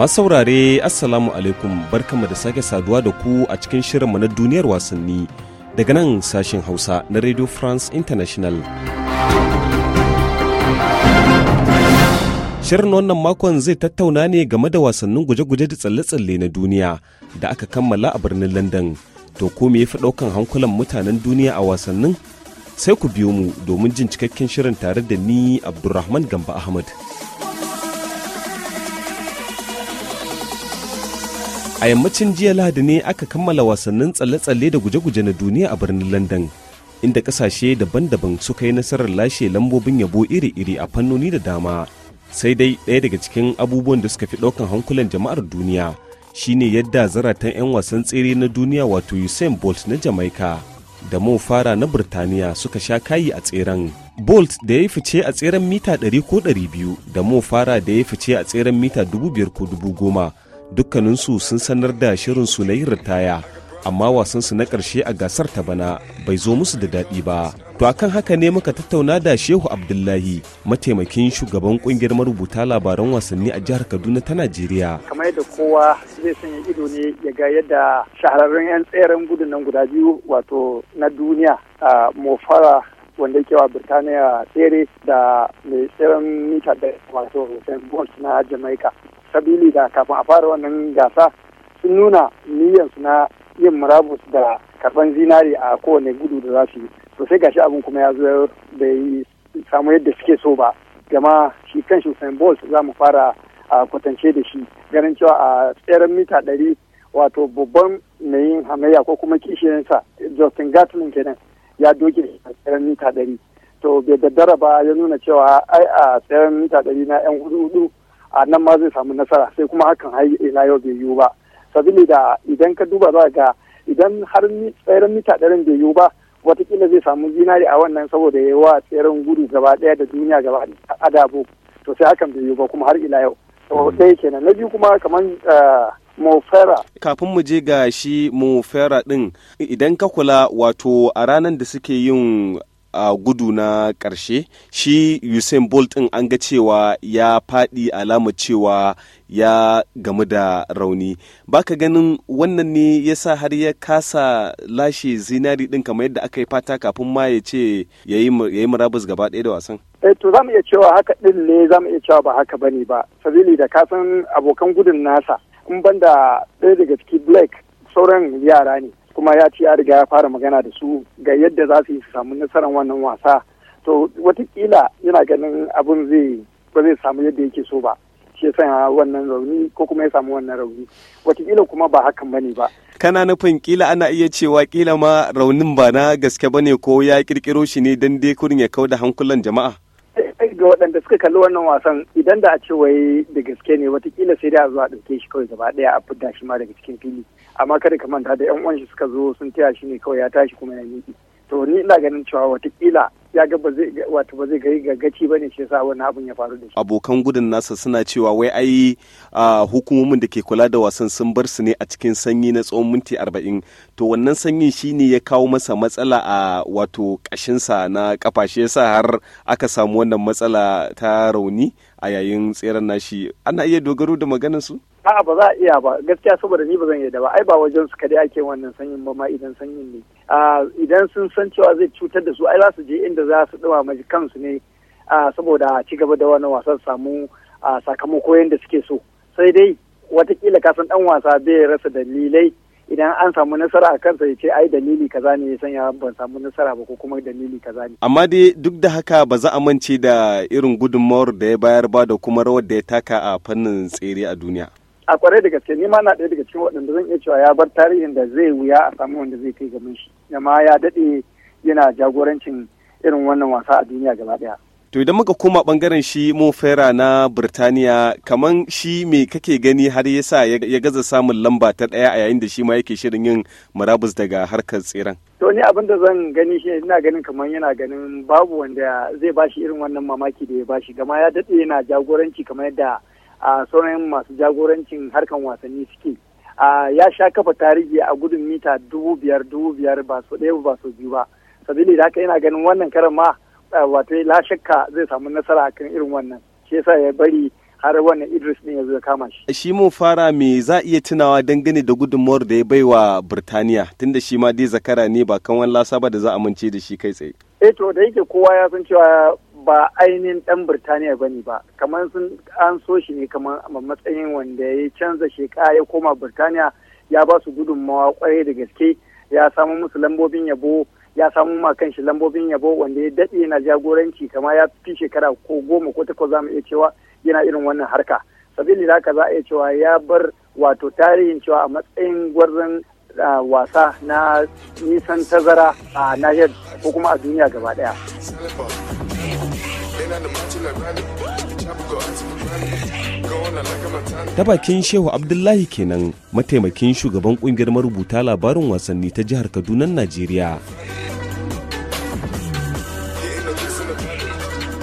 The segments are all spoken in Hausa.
Masu saurare Assalamu alaikum barkanmu da sake saduwa da ku a cikin shirinmu na duniyar wasanni daga nan sashen Hausa na Radio France International. Shirin wannan makon zai tattauna ne game da wasannin guje-guje da tsalle-tsalle na duniya da aka kammala a birnin London. To ko me yafi ɗaukan hankulan mutanen duniya a wasannin? Sai ku biyo mu domin jin cikakken shirin tare da ni Abdulrahman Gamba Ahmad. a yammacin jiya lahadi ne aka kammala wasannin tsalle-tsalle da guje-guje na duniya a birnin london inda kasashe daban-daban suka yi nasarar lashe lambobin yabo iri-iri a fannoni da dama sai dai ɗaya daga cikin abubuwan da suka fi ɗaukan hankulan jama'ar duniya shine yadda zaratan 'yan wasan tsere na duniya wato usain bolt na jamaica da mo fara na birtaniya suka sha kayi a tseren bolt da ya yi fice a tseren mita 100 ko 200 da mo fara da ya yi fice a tseren mita 5,000 ko 10,000 dukkaninsu sun sanar da shirinsu na yin ritaya amma wasansu na ƙarshe a gasar ta bana bai zo musu da daɗi ba to akan haka ne muka tattauna da shehu abdullahi mataimakin shugaban kungiyar marubuta labaran wasanni a jihar kaduna ta najeriya kamar yadda kowa zai sanya ido ne ya ga yadda shahararren 'yan tseren gudun nan guda biyu wato na duniya a mofara wanda yake wa birtaniya tsere da mai tseren mita da wato bolt na jamaica sabili da kafin a fara wannan gasa sun nuna niyyarsu na yin murabus da karban zinari a kowane gudu da za su yi to sai gashi abin kuma ya zo bai samu yadda suke so ba gama shi kan shi Bolt za mu fara a kwatance da shi ganin cewa a tseren mita ɗari wato babban mai yin hamayya ko kuma kishiyarsa Justin Gatlin kenan ya doke a tseren mita ɗari to bai daddara ba ya nuna cewa ai a tseren mita ɗari na yan hudu a nan ma zai samu nasara sai kuma hakan har ila yau bai yiwu ba sabili da idan ka duba za ga idan har tseren mita ɗarin bai yiwu ba watakila zai samu zinari a wannan saboda ya yi wa tseren gudu gaba ɗaya da duniya gaba a dabo to sai hakan bai yiwu ba kuma har ila yau to kenan na biyu kuma kamar eh, mofera. Kafin mu je ga shi mofera ɗin idan ka kula wato a ranar da suke yin a gudu na ƙarshe shi usain bolt ɗin an ga cewa ya faɗi alama cewa ya gamu da rauni baka ganin wannan ne ya sa har ya kasa lashe zinari ɗin kamar yadda aka yi fata kafin ma ya ce ya yi murabus gaba ɗaya da wasan eh, to za mu iya cewa haka ɗin ne za mu iya cewa ba haka bane ba sabili da kasan abokan gudun nasa in banda ɗaya daga ciki blake sauran yara ne kuma ya ci ya riga ya fara magana da su ga yadda za su samu nasarar wannan wasa to watakila yana ganin abun zai ba zai samu yadda yake so ba shi ya sanya wannan rauni ko kuma ya samu wannan rauni watakila kuma ba hakan ba ne ba kana nufin kila ana iya cewa kila ma raunin ba na gaske ba ne ko ya kirkiro shi ne dan dai kurin ya kau da hankulan jama'a ga waɗanda suka kalli wannan wasan idan da a ce wai da gaske ne watakila sai dai a zo a ɗauke shi kawai gaba ɗaya a fidda shi ma daga cikin fili amma kada ka manta da yan uwan shi suka zo sun taya shi ne kawai ya tashi kuma ya miki to ni ina ganin cewa watakila ya ga ba zai wato ba zai gari gaggaci bane shi yasa wannan abin ya faru da shi abokan gudun nasa suna cewa wai ai hukumomin da ke kula da wasan sun bar su ne a cikin sanyi na tsawon minti 40 to wannan sanyin shine ya kawo masa matsala a wato kashin sa na kafa shi yasa har aka samu wannan matsala ta rauni a yayin tseren nashi ana iya dogaro da maganar su a'a ba za a iya ba gaskiya saboda ni ba zan yarda ba ai ba wajen su kade ake wannan sanyin ba ma idan sanyin ne idan sun san cewa zai cutar da su ai za su je inda za su dawa maji kansu ne saboda a ci gaba da wannan wasan samu sakamako yadda suke so sai dai watakila kasan dan wasa bai rasa dalilai idan an samu nasara a kansa ya ce ai dalili kaza ne ya sanya ban samu nasara ba ko kuma dalili kaza ne. Amma dai duk da haka ba za a mance da irin gudunmawar da ya bayar ba da kuma rawar da ya taka a fannin tsere a duniya. a kwarai da gaske nima na ɗaya daga cikin waɗanda zan iya cewa ya bar tarihin da zai wuya a samu wanda zai kai gaban shi amma ya daɗe yana jagorancin irin wannan wasa a duniya gaba ɗaya. To idan muka koma bangaren shi Mo fera na Birtaniya kaman shi me kake gani har yasa ya gaza samun lamba ta ɗaya a yayin da shi ma yake shirin yin murabus daga harkar tseren. To ni abin da zan gani shi ina ganin kamar yana ganin babu wanda zai bashi irin wannan mamaki da ya bashi gama ya daɗe yana jagoranci kamar yadda a sauran masu jagorancin harkan wasanni suke ya sha kafa tarihi a gudun mita dubu biyar dubu biyar ba so ɗaya ba so biyu ba sabili da haka yana ganin wannan karan ma wato la shakka zai samu nasara akan irin wannan shi yasa ya bari har wannan Idris ne ya ya kama shi. Shi mu fara me za iya tunawa dangane da gudunmuwar da ya bai wa Birtaniya tunda shi ma dai zakara ne ba kan wani lasa ba da za a mance da shi kai tsaye. Eh to da yake kowa ya san cewa ba ainihin ɗan Birtaniya ba ne ba, kamar sun an so shi ne kamar matsayin wanda ya canza shekara ya koma Birtaniya ya ba su gudunmawa kwarai da gaske ya samu musu lambobin yabo ya samu ma kanshi lambobin yabo wanda ya daɗe yana jagoranci kama ya fi shekara ko goma ko takwas zamu iya cewa yana irin wannan harka sabili da haka za a iya cewa ya bar wato tarihin cewa a matsayin gwarzon wasa na nisan tazara a nahiyar ko kuma a duniya gaba ɗaya. ta bakin shehu abdullahi kenan mataimakin shugaban kungiyar marubuta labarin wasanni ta jihar kaduna najeriya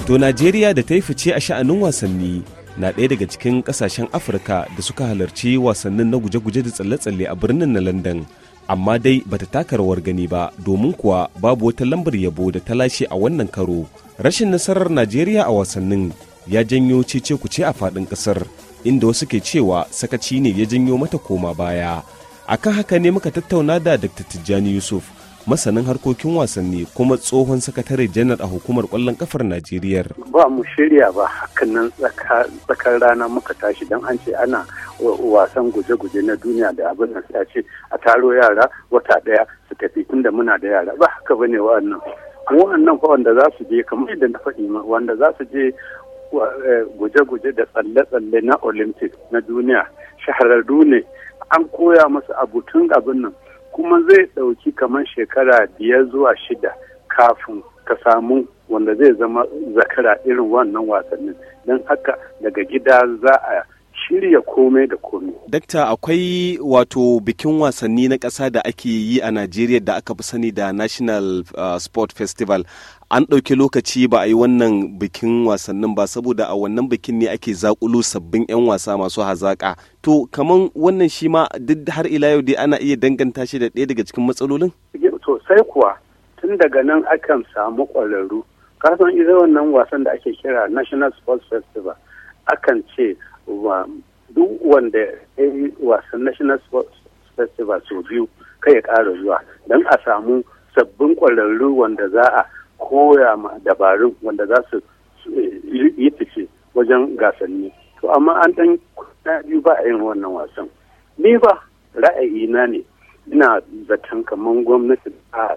to najeriya da ta yi fice a sha'anin wasanni na ɗaya daga cikin ƙasashen afirka da suka halarci wasannin na guje-guje da tsalle-tsalle a birnin na london amma dai bata taka rawar gani ba domin kuwa babu wata lambar yabo da ta lashe a wannan karo rashin nasarar najeriya a wasannin ya janyo cece kuce a faɗin ƙasar inda wasu ke cewa sakaci ne ya janyo mata koma baya akan haka ne muka tattauna da dr tijjani yusuf masanin harkokin wasanni kuma tsohon sakatare janar a hukumar kwallon kafar najeriya ba mu shirya ba hakan nan tsakar rana muka tashi don an ce ana wasan guje-guje na duniya da abin da ya ce a taro yara wata daya su tafi tunda muna da yara ba haka ba ne wa'annan wannan fa wanda za su je kamar yadda na faɗi ma wanda za su je eh, guje-guje da tsalle-tsalle na olympic na duniya shahararru ne an koya musu abutun abin nan kuma zai ɗauki kamar shekara biyar zuwa shida kafin ka samu wanda zai zama zakara irin wannan wasannin don haka daga gida za a shirya komai da komai. Dakta akwai wato bikin wasanni na ƙasa da ake yi a Najeriya da aka fi sani da National uh, Sport Festival. An ɗauki lokaci ba a yi wannan bikin wasannin ba saboda a wannan bikin ne ake zaƙulu sabbin 'yan wasa masu hazaƙa. To, kamar wannan shi ma duk har ila yau dai ana iya danganta shi da ɗaya daga cikin matsalolin? To, sai kuwa tun daga nan akan samu ƙwararru. Kasan ita wannan wasan da ake kira National Sports Festival. akan ce duk wanda ya yi wasan national sports festival sau biyu kai ya ƙara zuwa don a samu sabbin ƙwararru wanda za a koya ma dabarun wanda za su yi fice wajen gasanni to amma an ɗan biyu ba a yin wannan wasan ni ba ra'ayi ra'ayina ne ina zaton kamar gwamnati ta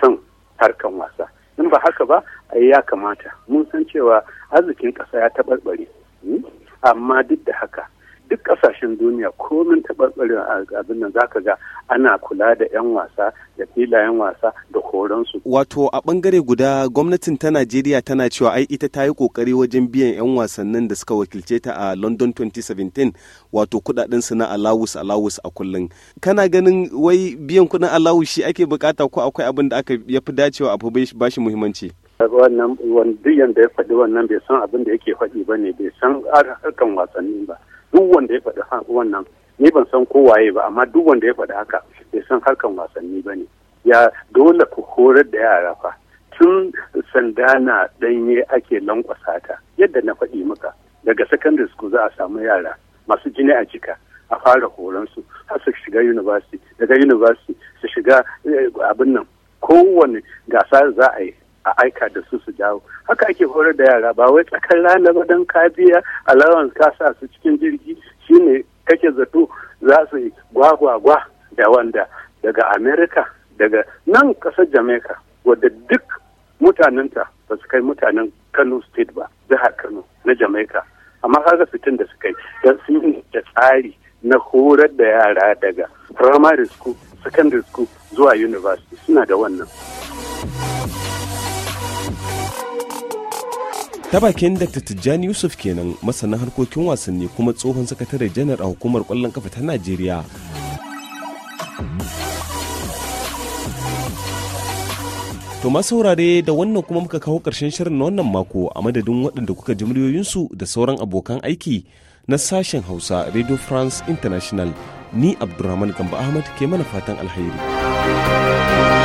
son harkan wasa in ba haka ba ya kamata mun san cewa arzikin ƙasa ya taɓarɓare hmm? amma duk da haka duk kasashen duniya komin taɓarɓarin abin nan zaka ga ana kula da 'yan wasa da filayen wasa da horonsu. Wato a ɓangare guda gwamnatin ta Najeriya tana cewa ai ita ta yi ƙoƙari wajen biyan 'yan wasannin da suka wakilce ta a London 2017 wato kuɗaɗen su na alawus alawus a kullum. Kana ganin wai biyan kuɗin alawus shi ake bukata ko akwai abin da aka yafi dacewa a bashi muhimmanci? wannan duk yanda ya faɗi wannan bai san abin da yake faɗi ba ne bai san harkan wasanni ba duk wanda ya faɗi wannan ni ban san kowaye ba amma duk wanda ya faɗi haka bai san harkan wasanni ba ne ya dole ku horar da yara fa tun sanda na ɗanye ake lankwasa ta yadda na faɗi maka daga secondary school za a samu yara masu jini a jika a fara horonsu har su shiga university daga university su shiga eh, abin nan kowane gasa za a yi a aika da su su dawo haka ake horar da yara ba wai tsakar rana ba don ka biya allowance ka sa su cikin jirgi shine kake zato za su yi gwagwagwa da wanda daga america daga nan kasar jamaica wadda duk mutanenta ba su kai mutanen kano state ba jihar kano na jamaica amma kaga fitin da su kai don su yi da tsari na horar da yara daga primary school secondary school zuwa university suna da wannan ta bakin dr tijjani yusuf kenan masanin harkokin wasanni kuma tsohon sakatare janar a hukumar kwallon kafa ta najeriya To ma saurare da wannan kuma muka kawo ƙarshen shirin na wannan mako a madadin waɗanda kuka ji muryoyinsu da sauran abokan aiki na sashen Hausa Radio France International ni Abdulrahman Gamba Ahmad ke mana fatan alheri.